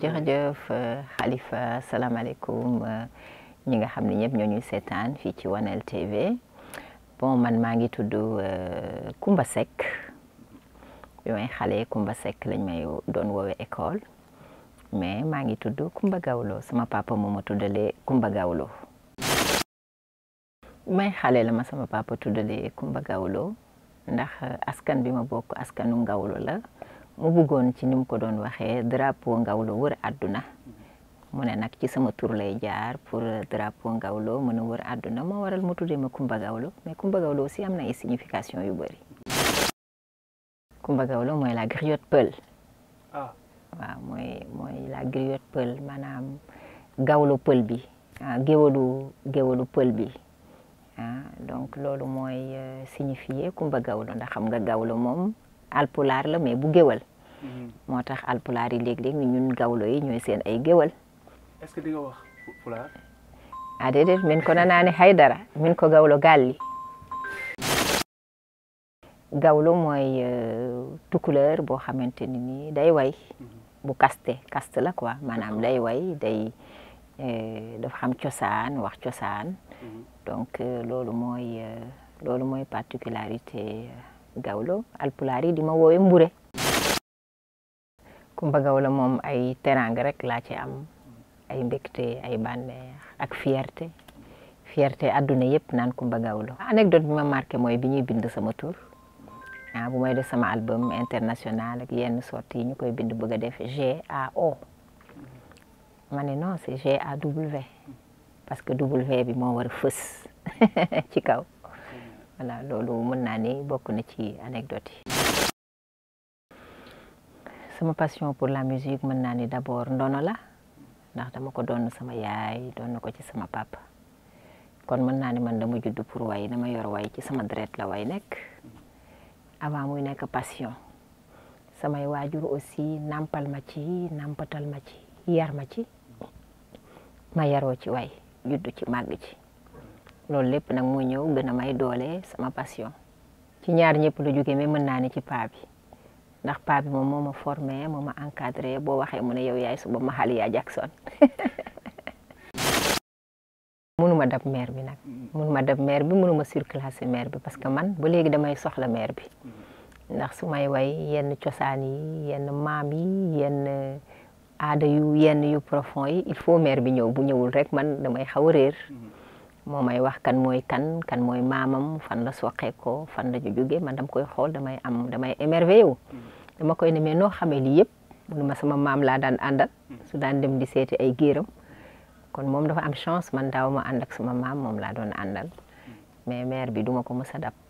jërëjëf euh, Khalifa salaamaaleykum euh, ñi nga xam ne ñëpp ñoo ñuy seetaan fii ci 1L TV bon man maa ngi tudd Kumba euh, Seck bi may xale Kumba Seck lañ may doon woowe école mais maa ngi tudd Kumba Gawlo sama papa moo ma tuddalee Kumba Gawlo may xale la ma sama papa tuddalee Kumba Gawlo ndax askan bi ma bokk askanu Ngawlo la mu bëggoon ci ni ko doon waxee drapeau ngawlo wër àdduna mu ne nag ci sama tur lay jaar pour drapeau ngawlo mën a wër àdduna moo waral mu tuddee ma Kumba Gawlo mais am na ay yu bëri mooy la griotte peul ah maanaam gawlo pël bi ah, géwalu géwalu pël bi ah, donc loolu mooy euh, signifié Kumba Gawlo ndax xam nga gawlo moom alpulaar la mais bu géwal motax al alpulaar yi leg leg ni ñun gawlo yi ñoy seen ay géwal est-ce di nga wax pulaar a ah, déedéet min ko nanaani haydara min ko gawlo galli gawlo moy euh, tukuleur bo xamanteni ni day way mhm. bu kaste kaste la quoi manam day way day euh, dafa xam ciosan wax ciosan mhm. donc euh, lolu moy lolu moy particularité gawlo alpulaar yi dima ma woowe Coumba Gawlo moom ay teraanga rek laa ci am ay mbégte ay bànneex ak fierté fierté adduna yëpp naan Coumba Gawlo anecdote bi ma marqué mooy bi ñuy bind sama tur ah bu may def sama album international ak yenn sorti yi ñu koy bindu bëgg a def GAO ma ne non c'est GAW parce que W bi moo war fës ci kaw voilà loolu mën naa ni bokk na ci anecdote sama passion pour la musique mën dono ni Nah, ndono la ndax dama ko don sama yaay don ko ci sama papa kon mën naa ni man dama judd pour way dama yor way ci sama deret la way nek avant muy nek passion sama wajur aussi nampal ma ci nampatal ma ci yar ma ci ma yaro ci way judd ci mag ci lol lepp nak mo ñew gëna may doole sama passion ci ñaar ñepp lu jóge mais mën ci papa ndax pa bi mom moma formé moma encadré bo waxé mune yow yaay suba Jackson mënuma dab mère bi nag mënuma dab mère bi mënuma surclassé mère bi parce que man ba légui damay soxla mère bi ndax sumay way yenn ciossani yenn mam yi yenn ada yu yenn yu profond yi il faut mère bi ñew bu ñewul rek man damay xaw a momay wax kan moy kan kan moy mamam fan la soxé ko fan la ju joggé man dam koy xol damay am damay émerveillé wu dama koy ne mais noo xamee lii yëpp munu ma sama maam laa daan àndal. su daan dem di seeti ay géeram. kon moom dafa am chance man daaw ma ànd ak sama maam moom laa doon àndal. mais mère bi duma ko mës a